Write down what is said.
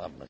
Amen.